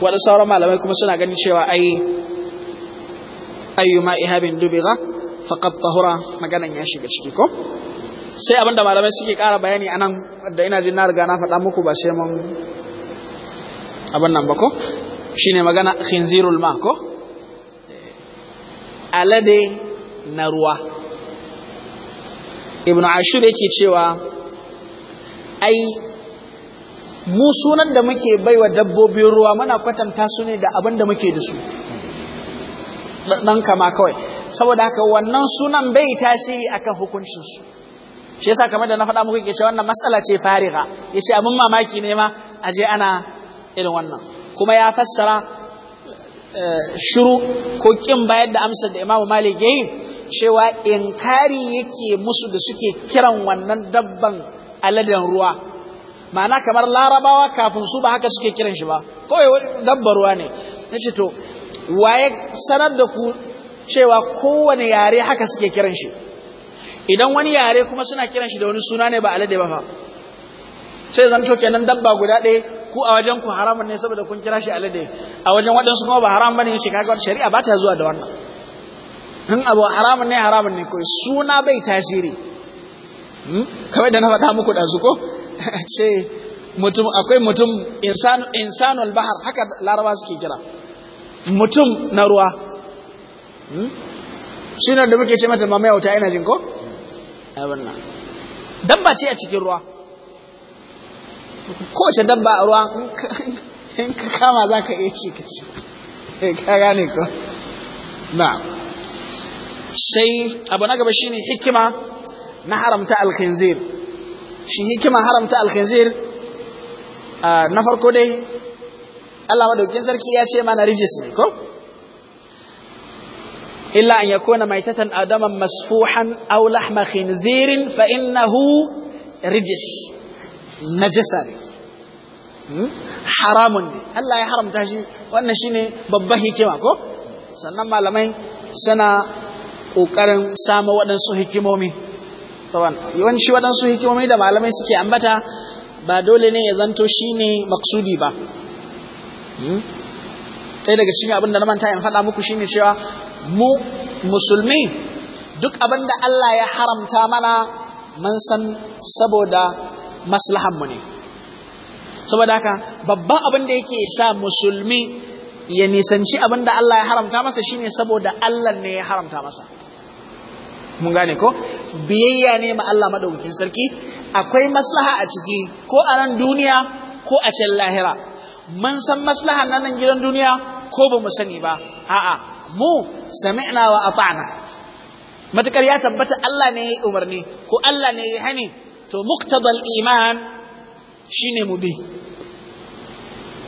wadda sauran malamai kuma suna ganin cewa ai ayyuma ihabin dubira faqad tahura maganan ya shiga ciki ko sai abinda malamai suke ƙara bayani anan da ina jin na riga na faɗa muku ba sai mun abin nan ba ko shine magana khinzirul ma ko eh, alade na ruwa ibn ashur yake cewa ai mu sunan da muke baiwa dabbobin ruwa muna kwatanta su ne da abin da muke da su dan kama kawai saboda haka wannan sunan bai tasiri akan hukuncin su shi yasa kamar da na faɗa muku yake cewa wannan matsala ce fariha yace abin mamaki ne ma aje ana irin wannan kuma ya fassara eh, shiru ko kin bayar da amsar da Imam Malik yayi cewa inkari yake musu da suke kiran wannan dabban aladen ruwa ma'ana kamar larabawa kafin su ba haka suke kiran shi ba kawai dabbar ruwa ne na ce to waye sanar da ku cewa kowane yare haka suke kiran shi idan wani yare kuma suna kiran shi da wani suna ne ba alade ba fa sai zanto kenan dabba guda ɗaya ku a wajen ku haramun ne saboda kun kira shi alade a wajen waɗansu kuma ba haram bane shi kaga shari'a ba ta zuwa da wannan in abu haramun ne haramun ne kawai suna bai tasiri hmm? kawai da na faɗa muku ɗansu ko ce mutum akwai mutum insanul bahar haka laraba suke kira mutum na ruwa hmm? shi da muke ce mata mamaya wuta ina jin ko? dabba ce a cikin ruwa kowace dabba a ruwa in ka kama za ka iya ci ka ci ka gane ko na'am sai abu na gaba shine hikima na haramta alkhinzir shi hikima haramta alkhinzir na farko dai Allah madaukin sarki ya ce mana rijis ne ko illa an yakuna maitatan adama masfuhan aw lahma khinzirin fa innahu rijis najasa hmm? haramun ne Allah ya haramta shi wannan shine babban hikima ko sannan malamai suna ƙoƙarin samun waɗansu hikimomi yawanci waɗansu hikimomi da malamai suke ambata ba dole ne ya zanto shi ne maksudi ba hmm? ɗaya daga cikin abin da na manta in faɗa muku shi ne cewa mu musulmi duk abin da Allah ya haramta mana mun san saboda maslahanmu ne saboda haka babban abin da yake sa musulmi ya nisanci abin da Allah ya haramta masa shine saboda Allah ne ya haramta masa mun gane ko biyayya ne ma Allah madaukakin sarki akwai maslaha a ciki ko a nan duniya ko a can lahira mun san maslaha na nan gidan duniya ko ba mu sani ba a'a mu sami'na wa ata'na matakar ya tabbata Allah ne ya umarni ko Allah ne ya hani to muktabal iman shine mu bi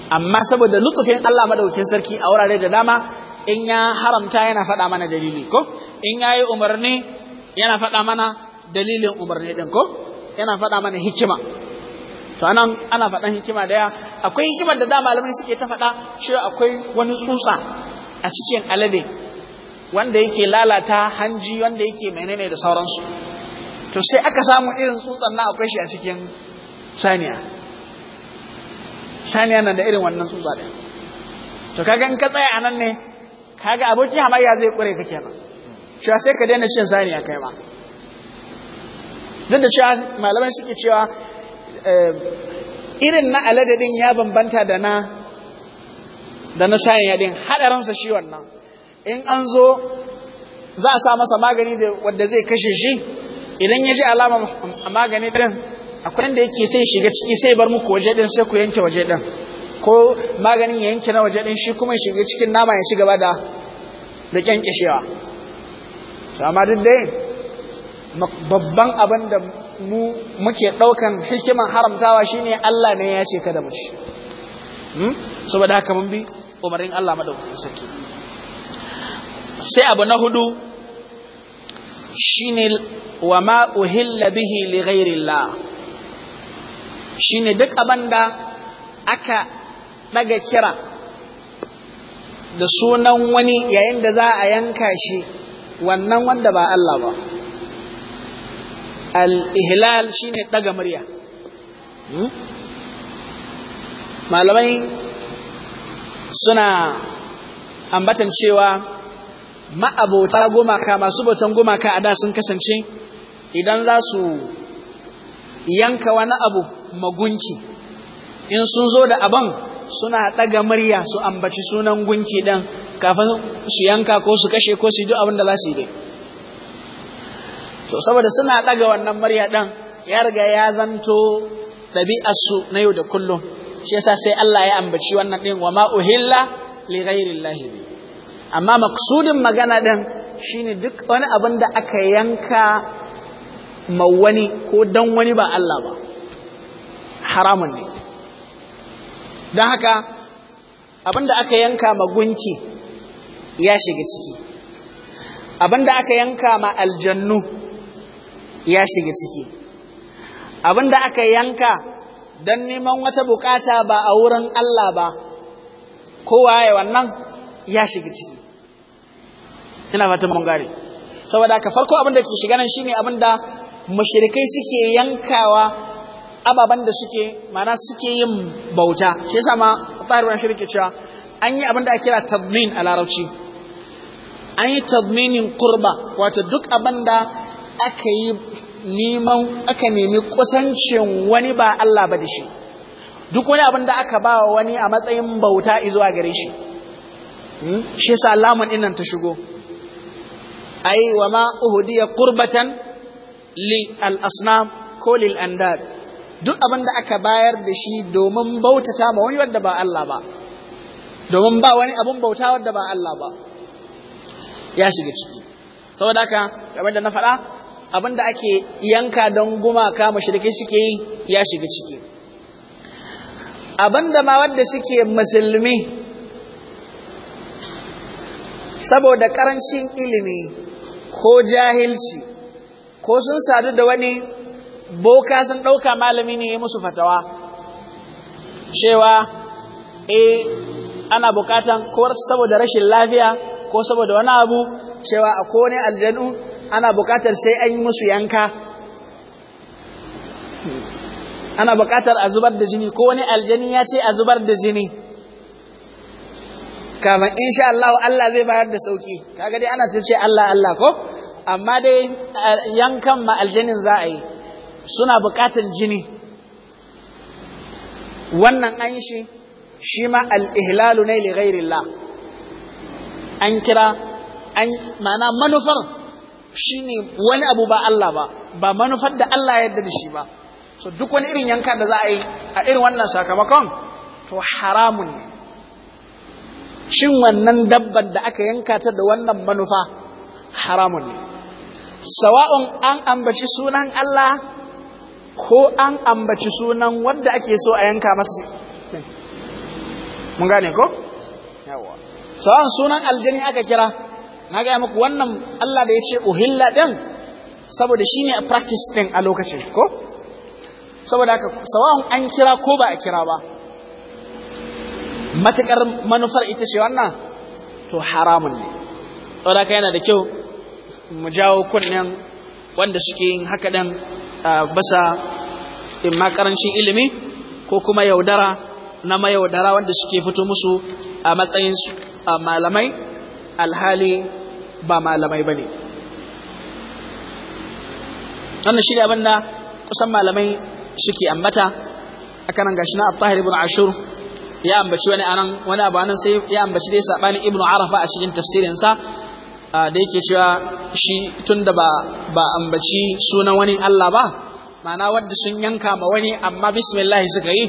amma saboda lutufin Allah madaukakin sarki a wurare da dama in ya haramta yana faɗa mana dalili ko in ya yi umarni yana faɗa mana dalilin umarni ɗin ko yana faɗa mana hikima to anan ana faɗan hikima da ya akwai hikimar da da malamai suke ta faɗa cewa akwai wani tsutsa a cikin alade wanda yake lalata hanji wanda yake menene da sauransu to sai aka samu irin tsutsan na akwai shi a cikin saniya saniya nan da irin wannan tsutsa ɗin to kaga in ka tsaya a nan ne kaga aboki hamayya zai kure ka kenan cewa sai ka daina cin a kai ma duk da cewa malamai suke cewa eh, irin na aladadin ya bambanta da na da na saniya din hadarinsa shi wannan in an zo za a sa masa magani da wanda zai kashe shi idan ya ji alama magani din akwai inda yake sai shiga ciki sai bar muku waje din sai ku yanke waje din ko maganin ya yanke na waje din shi kuma ya shiga cikin nama ya ci gaba da da amma duk dai babban abin da mu muke ɗaukan hikiman haramtawa shine Allah ne ya ce kada mu ci hmm? saboda haka mun bi umarin Allah madaukakin sarki sai abu na hudu shine wa ma uhilla bihi li ghairillah shine duk abanda aka daga kira da sunan wani yayin da za a yanka shi wannan wanda ba Allah ba al-ihlal shine daga murya hmm? malamai suna ambatan cewa ma'abota gumaka masu bautan gumaka a da sun kasance idan za su yanka wani abu magunki in sun zo da abin suna ɗaga murya su ambaci sunan gunki ɗin kafin su yanka ko su kashe ko su yi duk abin da za su yi dai to saboda suna ɗaga wannan murya ɗan ya riga ya zanto ɗabi'arsu na yau da kullum shi yasa sai Allah ya ambaci wannan ɗin wa ma uhilla li bi amma maksudin magana ɗin shine duk wani abin da aka yanka ma wani ko dan wani ba Allah ba haramun ne don haka abin da aka yanka magunci gunki ya shiga ciki abinda aka yanka ma aljannu ya shiga ciki abinda aka yanka don neman wata bukata ba a wurin Allah ba kowa ya wannan ya shiga ciki ina fatan mun gare saboda ka farko abinda ke shiga nan shine abinda mushrikai suke yankawa ababan da suke mana suke yin bauta shi yasa ma tsarin shirki cewa an yi abinda ake kira tadmin a larabci an yi tabminin kurba wato duk abin aka yi neman aka nemi kusancin wani ba Allah ba da shi duk wani abin da aka ba wa wani a matsayin bauta izuwa gare shi hmm? shi yasa lamun dinnan ta shigo ai wa ma uhdiya qurbatan li al asnam ko lil andad duk abin da aka bayar da shi domin bautata ma wani wanda ba Allah ba domin ba wani abin bauta wanda ba Allah ba ya shiga ciki saboda haka kamar da na faɗa abin ake yanka don gumaka mashirikai suke yi ya shiga ciki abin ma wadda suke musulmi saboda ƙarancin ilimi ko jahilci ko sun sadu da wani boka sun ɗauka malami ne ya musu fatawa cewa eh ana bukatan kowar saboda rashin lafiya ko saboda wani abu cewa a kone aljanu ana buƙatar sai an yi musu yanka ana buƙatar a zubar da jini ko wani aljani ya ce a zubar da jini kafin insha Allah Allah zai bayar da sauki kaga dai ana ta ce Allah Allah ko amma dai yankan ma aljanin za a yi suna buƙatar jini wannan an shi shi ma al-ihlalu ne li ghairillah an kira an ma'ana manufar shine wani abu ba Allah ba ba manufar da Allah ya yarda da shi ba so duk wani irin yanka da za a yi a irin wannan sakamakon to haramun ne shin wannan dabban da aka yanka ta da wannan manufa haramun ne sawa'un an ambaci sunan Allah ko an ambaci sunan wanda ake so a yanka masa mun gane ko yawa sawan sunan aljani aka kira na gaya muku wannan Allah da ya ce uhilla ɗin saboda shi ne a practice ɗin a lokacin ko saboda haka sawan an kira ko ba a kira ba matuƙar manufar ita ce wannan to haramun ne saboda haka yana da kyau mu jawo kunnen wanda suke yin haka ɗin basa in ma karancin ilimi ko kuma yaudara na mayaudara wanda suke fito musu a matsayinsu malamai alhali ba malamai ba ne wannan shi abin da kusan malamai suke ambata a kanan gashi na attahir ibn ashur ya ambaci wani anan wani abu anan sai ya ambaci dai sabani ibn arafa a cikin tafsirinsa da yake cewa shi tun da ba ambaci sunan wani allah ba Mana wadda sun yanka ma wani amma bismillah suka yi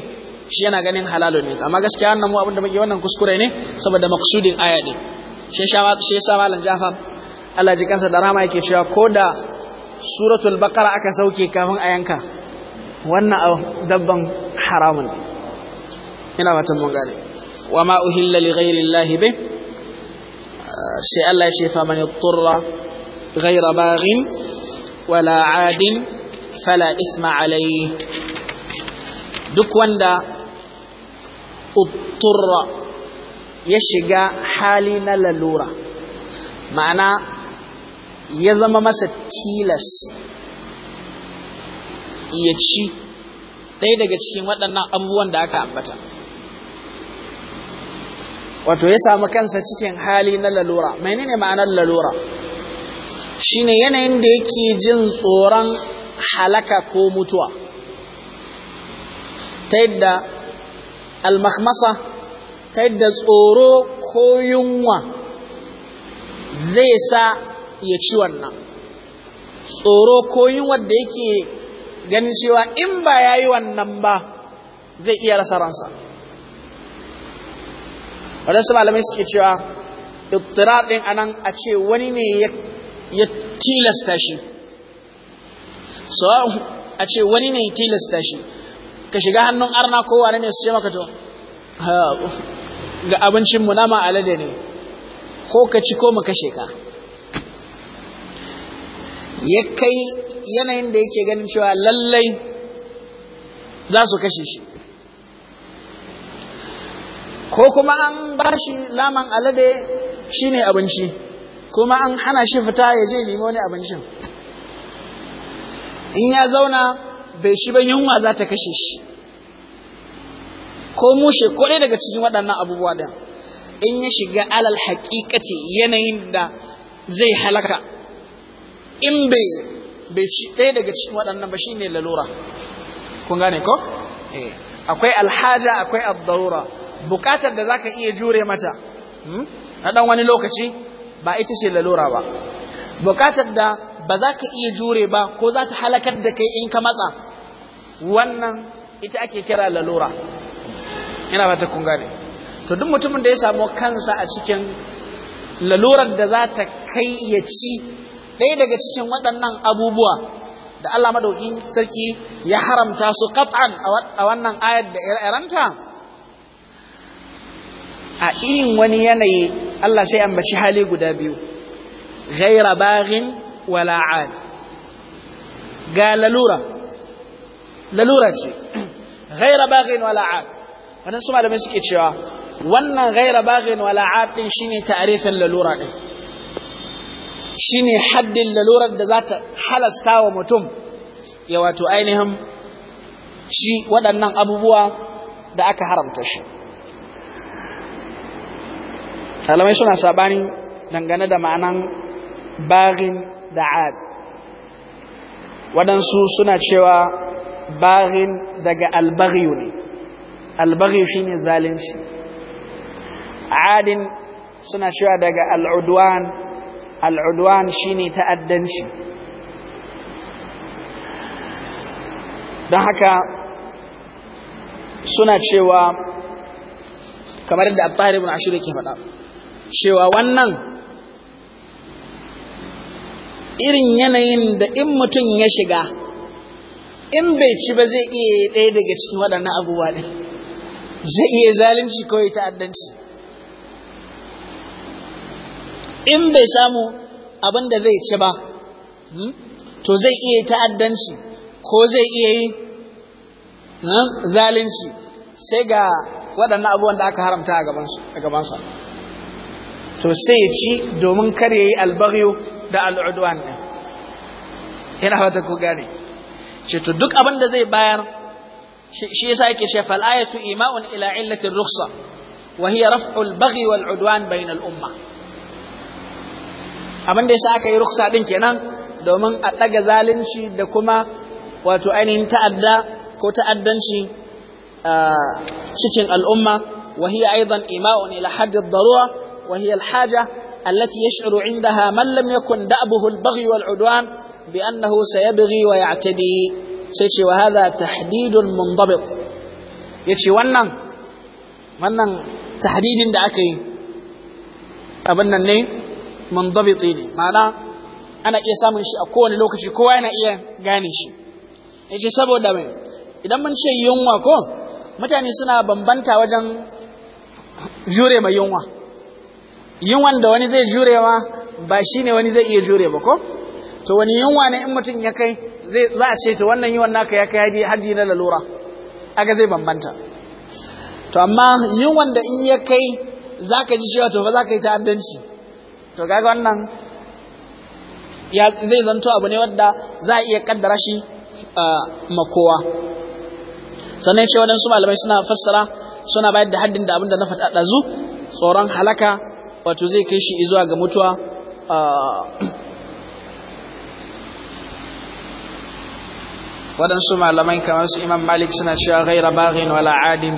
shi yana ganin halalun ne amma gaskiya wannan mu abinda muke wannan kuskure ne saboda maksudin aya din shi yasa malam Jafar Allah ji kansa da rama yake cewa ko da suratul baqara aka sauke kafin a yanka wannan dabban haramun ina fatan mun gane wa ma uhilla li ghairi Allah bi sai Allah ya ce fa man yutturra ghaira baghin wala adin fala isma alayhi duk wanda utturra ya shiga hali na lalura ma'ana ya zama masa tilas ya ci ɗaya daga cikin waɗannan abubuwan da aka ambata wato ya samu kansa cikin hali na lalura ne ma'anar lalura shine yanayin da yake jin tsoron halaka ko mutuwa ta yadda almahmasa ta yadda tsoro ko yunwa zai sa ya ci wannan tsoro ko yunwa da yake ganin cewa in ba ya yi wannan ba zai iya rasa ransa su malamai suke cewa ɗin anan a ce wani ne ya tilasta shi a ce wani ne ya tilasta shi ka shiga hannun arna ko wane ne su ce maka to ga abincin mu nama alade ne ko ka ci ko mu kashe ka ya kai yanayin da yake ganin cewa lallai za su kashe shi ko kuma an ba shi laman alade shi ne abinci kuma an hana shi fita ya je nemo ne abincin in ya zauna bai shi ba yunwa za ta kashe shi ko mushe ko ɗaya daga cikin waɗannan abubuwa ɗin in ya shiga alal haƙiƙati yanayin da zai halaka in bai bai ci ɗaya daga cikin waɗannan ba shine lalura kun gane ko eh, akwai alhaja akwai ad Buƙatar bukatar da zaka iya jure mata hmm, na ɗan wani lokaci ba ita ce lalura ba bukatar da ba za ka iya jure ba ko za ta halakar da kai in ka matsa wannan ita ake kira lalura ina ba ta kun to duk mutumin da ya samu kansa a cikin lalurar da za ta kai ya ci ɗaya daga cikin waɗannan abubuwa da Allah madaukin sarki ya haramta su qat'an a wannan ayar da iranta a irin wani yanayi Allah sai ambaci hali guda biyu ghaira baghin wala aad ga lalura lalura ce ghaira baghin wala aad wannan su malamai suke cewa wannan ghaira baghin wala aqin shine ta'rifin lalura din shine haddin lalurar da za ta halasta wa mutum ya wato ainihin shi waɗannan abubuwa da aka haramta shi malamai suna sabani dangane da ma'anan baghin da ad waɗansu suna cewa baghin daga albaghi ne albaghi shine zalunci adin suna cewa daga al'udwan al'udwan shine ta'addanci don haka suna cewa kamar da At-Tahir ibn ashir yake faɗa cewa wannan irin yanayin da in mutum ya shiga in bai ci ba zai iya ɗaya daga cikin waɗannan abubuwa ɗin zai iya zalunci ya ta'addanci in bai samu abin da zai ci ba hmm, to zai iya ta'addanci ko zai iya yi hmm, zalunci sai ga waɗannan abubuwan da aka haramta a gabansa to sai ya ci domin kar ya yi albaghiyo da al'uduwan ɗin yana fata ko gane ce to duk abin da zai bayar shi yasa yake cewa fal ayatu ima'un ila illati rukhsa wa hiya raf'u baghi wal udwan bain al umma abin da yasa aka yi rukhsa din kenan domin a daga zalunci da kuma wato ainihin ta'adda ko ta'addanci cikin al'umma wa hiya aidan ima'un ila hadd ad darura wa hiya al haja التي يشعر عندها من لم يكن دأبه البغي والعدوان بأنه سيبغي ويعتدي sai ce wa hadha tahdidun mundabit yace wannan wannan tahdidin da aka yi abin nan ne mundabit ne ma'ana ana iya samun shi a kowane lokaci kowa yana iya gane shi yace saboda mai idan mun ce yunwa ko mutane suna bambanta wajen jure mai yunwa yunwan da wani zai jurewa ba shine wani zai iya jure ba ko to wani yunwa ne in mutum ya kai zai za a ce ta wannan yiwan naka ya kai hadi hadi na lalura aga zai bambanta to amma yin wanda in ya kai za ka ji cewa to ba za ka yi ta'addanci to kaga wannan ya zai zanto abu ne wadda za a iya kaddara shi makowa sannan ce waɗansu malamai suna fassara suna bayar da haddin da abin da na faɗa ɗazu tsoron halaka wato zai kai shi zuwa ga mutuwa waɗansu malamai kamar su imam malik suna cewa gaira baghin wala adin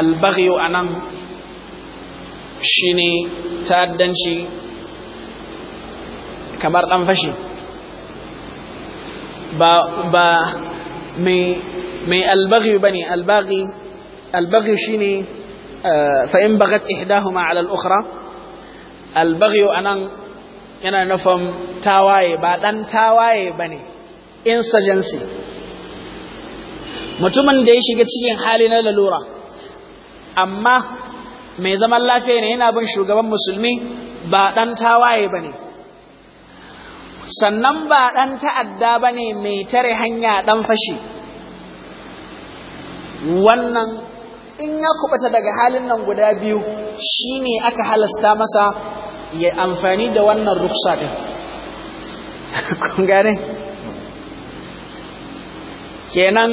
albaghiyu a nan shi ne ta'addanci kamar ɗan fashi ba mai albaghiyu ba ne albaghiyu shi ne eh, fa'in bagat ihdahuma ala al'ukra albaghiyu a nan yana nufin tawaye ba ɗan tawaye ba ne insurgency mutumin da ya shiga cikin hali na lalura amma mai zaman lafiya ne yana bin shugaban musulmi ba ɗan tawaye ba ne sannan ba ɗan ta'adda ba ne mai tare hanya ɗan fashi wannan in ya kubuta daga halin nan guda biyu shi ne aka halasta masa ya amfani da wannan ruksa ɗin kun gane kenan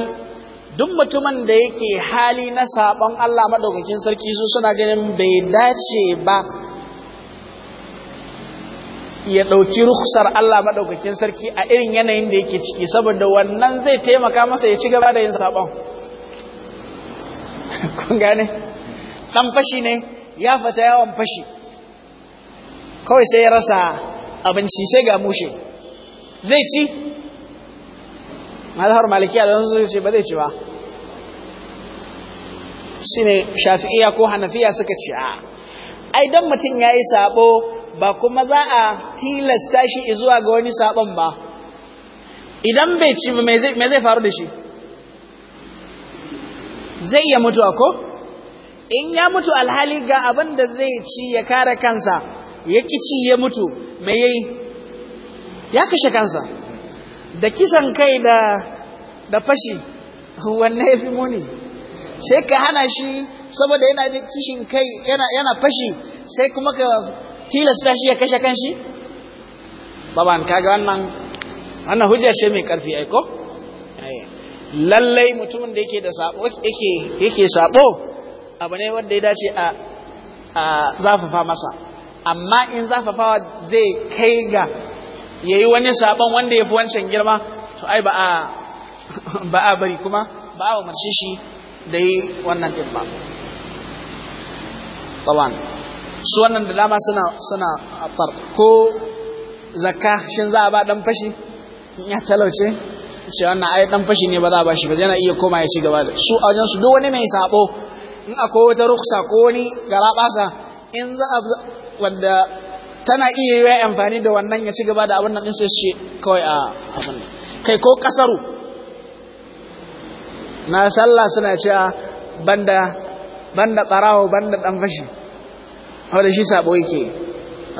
duk mutumin da yake hali na sabon Allah maɗaukakin sarki su suna ganin bai dace ba ya ɗauki rukusar Allah maɗaukakin sarki a irin yanayin da yake ciki saboda wannan zai taimaka masa ya ci gaba da yin sabon kun gane ɗan fashi ne ya fata yawan fashi kawai sai ya rasa abinci sai ga mushe zai ci mazhar malikiya da zai ce ba zai ci ba shine shafi'iya ko hanafiya suka ce a ai dan mutum yayi sabo ba kuma za a tilasta shi zuwa ga wani sabon ba idan bai ci ba, me zai faru da shi zai iya mutuwa ko in ya mutu alhali ga abin da zai ci ya kare kansa ya kici ya mutu me yayi ya kashe kansa da kisan kai da da fashi wanne ya fi muni sai ka hana shi saboda yana da kishin kai yana yana fashi sai kuma ka tilasta shi ya kashe kanshi baban kaga wannan wannan hujja ce mai karfi ai ko lallai mutumin da yake da sabo yake yake sabo abu ne wanda ya dace a a zafafa masa amma in zafafawa zai kai ga ya yi wani sabon wanda ya fi wancan girma to ai ba a bari kuma ba a umarci shi da yi wannan ɗin ba taban su wannan da dama suna suna afar ko zakka shin za a ba dan fashi ya talauce ce wannan ai dan fashi ne ba za a ba shi ba yana iya koma ya ci gaba da su a wajen su duk wani mai sabo in akwai wata ruksa ko wani garabasa in za a wanda tana iya yi amfani da wannan ya ci gaba da abin nan ɗin sai shi kawai a abin nan kai ko kasaru na sallah suna cewa banda banda ɓarawo banda ɗan fashi da shi sabo yake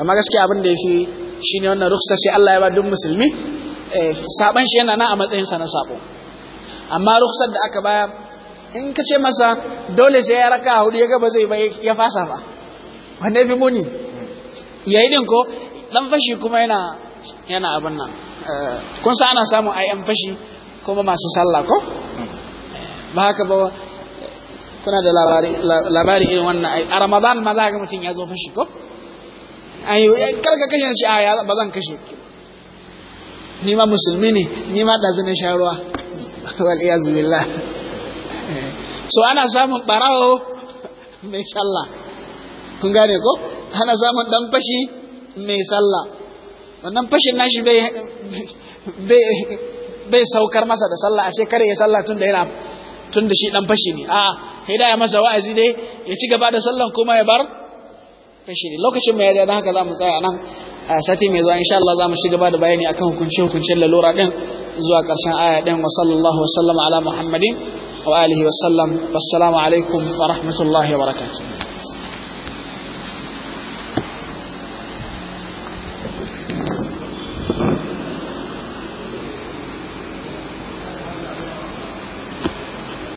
amma gaskiya abin da ya fi shi ne wannan ruksa ce Allah ya ba duk musulmi eh, saban shi yana na a matsayin sa na sabo amma ruksar da aka bayar in ka ce masa dole sai ya raka hudu ya gaba zai ba ya fasa ba wanda ya fi muni yayi din ko dan fashi kuma yana yana abin nan eh, kun sa ana samu ai an fashi kuma masu sallah ko eh, ba haka ba kuna da labari labari irin wannan ai a ramadan ma za ka mutum ya zo fashi ko ai karka kashe shi a ya ba zan kashe ni ma musulmi ne ni ma da ne sharuwa wal iyaz billah eh, so ana samun barawo mai sallah kun gane ko ana samun dan fashi mai sallah wannan fashin nashi bai bai bai saukar masa da sallah ashe kare ya sallah tunda yana tunda shi dan fashi ne a'a hidaya masa wa'azi dai ya ci gaba da sallan kuma ya bar fashi ne lokacin mai da haka zamu tsaya nan a sati mai zuwa insha Allah zamu ci gaba da bayani akan hukuncin hukuncin lalura din zuwa karshen aya din wa sallallahu wa sallama ala muhammadin wa alihi wa sallam wassalamu alaikum wa rahmatullahi wa barakatuh